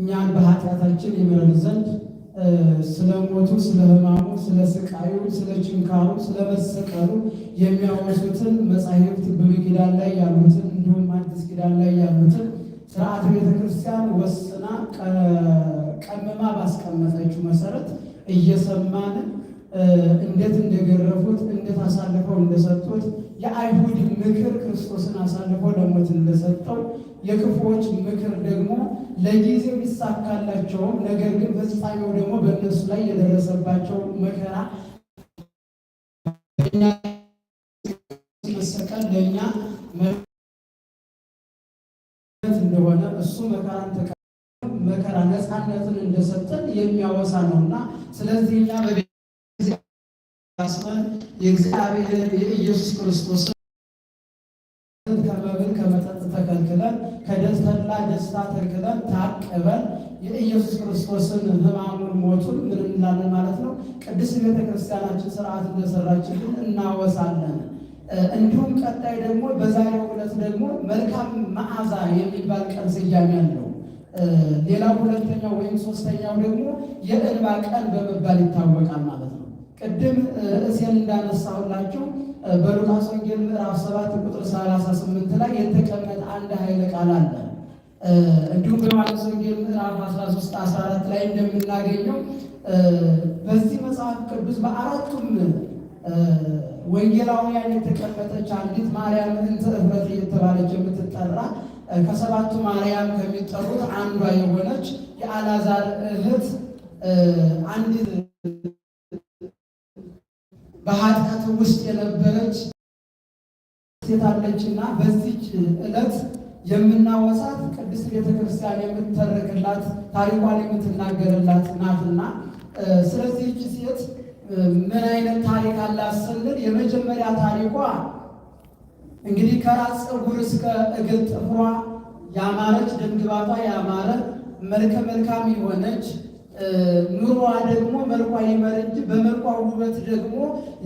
እኛን በኃጢአታችን ይምረን ዘንድ ስለ ሞቱ፣ ስለ ሕማሙ፣ ስለ ስቃዩ፣ ስለ ችንካሩ፣ ስለ መሰቀሉ የሚያወሱትን መጻሕፍት ብሉይ ኪዳን ላይ ያሉትን እንዲሁም አዲስ ኪዳን ላይ ያሉትን ስርዓት ቤተ ክርስቲያን ወስና ቀምማ ባስቀመጠችው መሰረት እየሰማን እንዴት እንደገረፉት እንዴት አሳልፈው እንደሰጡት የአይሁድ ምክር ክርስቶስን አሳልፈው ለሞት እንደሰጠው የክፉዎች ምክር ደግሞ ለጊዜው ቢሳካላቸውም ነገር ግን ፍጻሜው ደግሞ በእነሱ ላይ የደረሰባቸው መከራ መሰቀል ለእኛ እንደሆነ እሱ መከራን ተቀ መከራ ነፃነትን እንደሰጠን የሚያወሳ ነው እና ስለዚህ እኛ አስበን የእግዚአብሔር የኢየሱስ ክርስቶስ ከመብል ከመጠጥ ተከልክለን ከደስታና ደስታ ተከልክለን ታቅበን የኢየሱስ ክርስቶስን ሕማሙን ሞቱን ምን እንላለን ማለት ነው። ቅድስት ቤተ ስርዓት እንደሰራችልን እናወሳለን። እንዲሁም ቀጣይ ደግሞ በዛሬው ዕለት ደግሞ መልካም መዓዛ የሚባል ቀን ስያሜ አለው። ሌላው ሁለተኛው ወይም ሶስተኛው ደግሞ የእንባ ቀን በመባል ይታወቃል ማለት ነው። ቅድም እሴን እንዳነሳሁላችሁ በሉቃስ ወንጌል ምዕራፍ 7 ቁጥር 38 ላይ የተቀመጠ አንድ ኃይለ ቃል አለ። እንዲሁም በዮሐንስ ወንጌል ምዕራፍ 13 14 ላይ እንደምናገኘው በዚህ መጽሐፍ ቅዱስ በአራቱም ወንጌላውያን የተቀመጠች አንዲት ማርያም እንተ እፍረት እየተባለች የምትጠራ ከሰባቱ ማርያም ከሚጠሩት አንዷ የሆነች የአላዛር እህት አንዲት በኃጢአት ውስጥ የነበረች ሴት አለችና በዚች ዕለት የምናወሳት ቅድስት ቤተክርስቲያን የምትተርክላት ታሪኳን የምትናገርላት ናትና ስለዚህች ሴት ምን አይነት ታሪክ አላት ስንል የመጀመሪያ ታሪኳ እንግዲህ ከራስ ፀጉር እስከ እግር ጥፍሯ ያማረች ድምድባቷ ያማረ መልከ መልካም የሆነች ኑሯ ደግሞ መልኳ ይመር እንጂ በመልኳ ውበት ደግሞ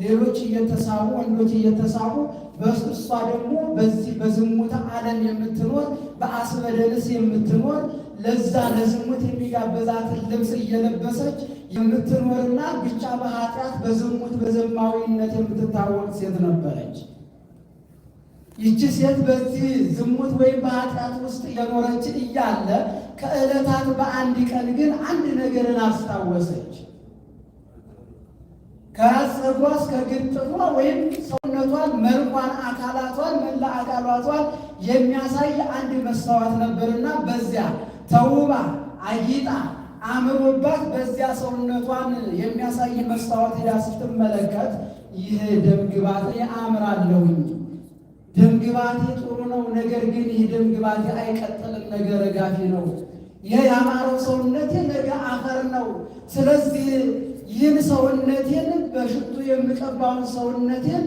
ሌሎች እየተሳቡ ወንዶች እየተሳቡ በእሷ ደግሞ በዚህ በዝሙት ዓለም የምትኖር በአስበደንስ የምትኖር ለዛ ለዝሙት የሚጋበዛትን ልብስ እየለበሰች የምትኖርና ብቻ በኃጢአት በዝሙት በዘማዊነት የምትታወቅ ሴት ነበረች። ይቺ ሴት በዚህ ዝሙት ወይም በኃጢአት ውስጥ እየኖረች እያለ ከዕለታት በአንድ ቀን ግን አንድ ነገርን አስታወሰች። ከራስ ፀጉሯ እስከ እግር ወይም ሰውነቷን፣ መልኳን፣ አካላቷን፣ መላ አካላቷን የሚያሳይ አንድ መስታወት ነበርና በዚያ ተውባ አጊጣ አምሮባት በዚያ ሰውነቷን የሚያሳይ መስታወት ሄዳ ስትመለከት ይህ ደምግባት አምራለሁኝ ደምግባቴ ጥሩ ነው፣ ነገር ግን ይህ ደምግባቴ አይቀጥልም፣ ነገ ረጋፊ ነው። ይህ ያማረው ሰውነቴ ነገ አፈር ነው። ስለዚህ ይህን ሰውነቴን በሽቱ የምቀባውን ሰውነቴን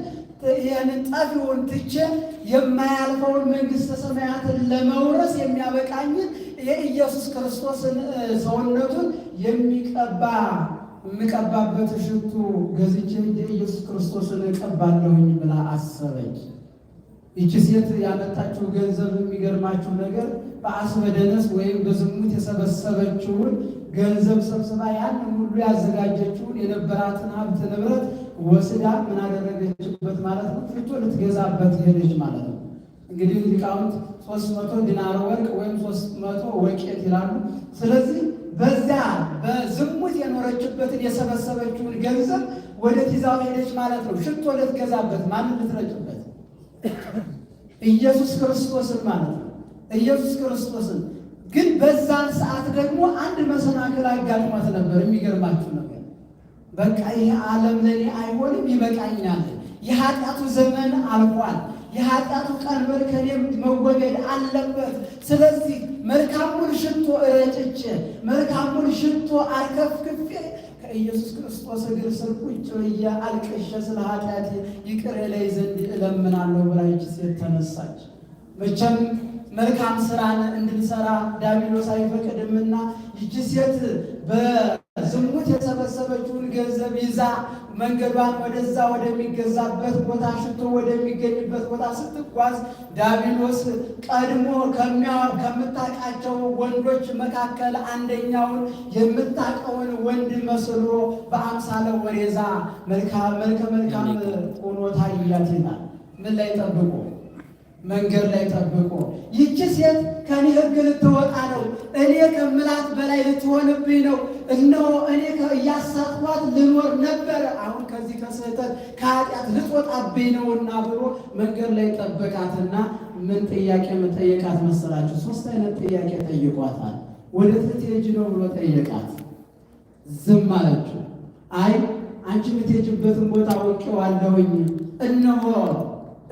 ጠፊውን ትቼ የማያልፈውን መንግሥተ ሰማያትን ለመውረስ የሚያበቃኝን የኢየሱስ ክርስቶስን ሰውነቱን የሚቀባ የምቀባበት ሽቱ ገዝቼ የኢየሱስ ክርስቶስን እቀባለሁኝ ብላ አሰበች። ይቺ ሴት ያመጣችው ገንዘብ የሚገርማችሁ ነገር በአስበደነስ ወይም በዝሙት የሰበሰበችውን ገንዘብ ሰብስባ ያን ሁሉ ያዘጋጀችውን የነበራትን ሀብት ንብረት ወስዳ ምን አደረገችበት ማለት ነው? ፍቶ ልትገዛበት ሄደች ማለት ነው። እንግዲህ ሊቃውንት ሶስት መቶ ዲናር ወርቅ ወይም ሶስት መቶ ወቄት ይላሉ። ስለዚህ በዚያ በዝሙት የኖረችበትን የሰበሰበችውን ገንዘብ ወደ ቲዛው ሄደች ማለት ነው። ሽቶ ልትገዛበት፣ ማንን ልትረጭበት ኢየሱስ ክርስቶስን ማለት ነው። ኢየሱስ ክርስቶስን ግን በዛን ሰዓት ደግሞ አንድ መሰናክል አጋጥሟት ነበር። የሚገርማችሁ ነገር በቃ ይህ ዓለም ለእኔ አይሆንም፣ ይበቃኛል፣ የኃጢአቱ ዘመን አልፏል፣ የኃጢአቱ ቀንበር ከኔ መወገድ አለበት። ስለዚህ መልካሙን ሽቶ ረጭቼ መልካሙን ሽቶ አልከፍክፌ ከኢየሱስ ክርስቶስ እግር ስር ቁጭ ብዬ አልቅሼ ስለ ኃጢአቴ ይቅር ላይ ዘንድ እለምናለሁ ብላ ሴት ተነሳች። መቼም መልካም ስራን እንድንሰራ ዲያብሎስ አይፈቅድምና ይች ሴት በ ዝሙት የሰበሰበችውን ገንዘብ ይዛ መንገዷን ወደዛ ወደሚገዛበት ቦታ ሽቶ ወደሚገኝበት ቦታ ስትጓዝ ዳቢሎስ ቀድሞ ከምታውቃቸው ወንዶች መካከል አንደኛውን የምታውቀውን ወንድ መስሎ በአምሳለ ወሬዛ መልከ መልካም ሆኖ ታያት ይላል። ምን ላይ ጠብቆ መንገድ ላይ ጠብቆ ይቺ ሴት ከኔ ልትወጣ ነው እኔ ከምላት በላይ ልትሆንብኝ ነው። እነሆ እኔ እያሳጥኋት ልኖር ነበረ፣ አሁን ከዚህ ከስህተት ከኃጢአት ልትወጣብኝ ነውና ብሎ መንገድ ላይ ጠበቃትና ምን ጥያቄ መጠየቃት መሰላችሁ? ሶስት አይነት ጥያቄ ጠይቋታል። ወደ ትትሄጂ ነው ብሎ ጠየቃት፣ ዝም አለችው። አይ አንቺ የምትሄጂበትን ቦታ አውቄዋለሁኝ። እነሆ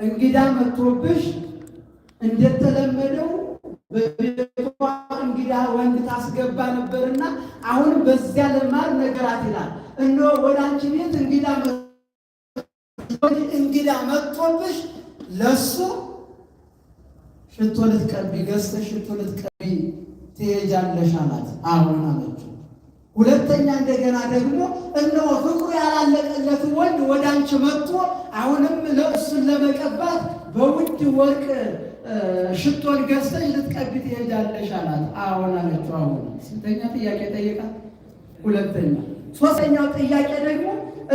እንግዳ መጥቶብሽ እንደተለመደው ያ ወንድ ታስገባ ነበርና አሁን በዚያ ለማር ነገራት ይላል። እነሆ ወደ አንቺ ቤት እንግዳ እንግዳ መጥቶብሽ ለሱ ሽቶ ልትቀቢ ገዝተሽ ሽቶ ልትቀቢ ትሄጃለሽ አላት። አሁን አለች። ሁለተኛ እንደገና ደግሞ እነሆ ፍቅሩ ያላለቀለት ወንድ ወዳንቺ መጥቶ አሁንም ለእሱን ለመቀባት በውድ ወርቅ ሽቶን ገዝተሽ ልትቀቢ ትሄጃለሽ አላት። አዎን አለችው። አሁን ስንተኛ ጥያቄ ጠየቃት? ሁለተኛ። ሶስተኛው ጥያቄ ደግሞ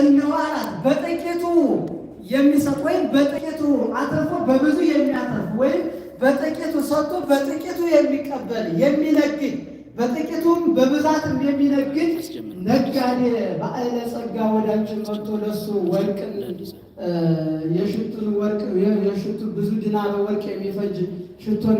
እነሆ አላት በጥቂቱ የሚሰጥ ወይም በጥቂቱ አትርፎ በብዙ የሚያተርፍ ወይም በጥቂቱ ሰጥቶ በጥቂቱ የሚቀበል የሚለግድ በጥቂቱም በብዛት እንደሚነግድ ነጋዴ ባዕለ ጸጋ ወዳችን መጥቶ ለሱ ወርቅን የሽቱን ወርቅ የሽቱ ብዙ ድናር ወርቅ የሚፈጅ ሽቶን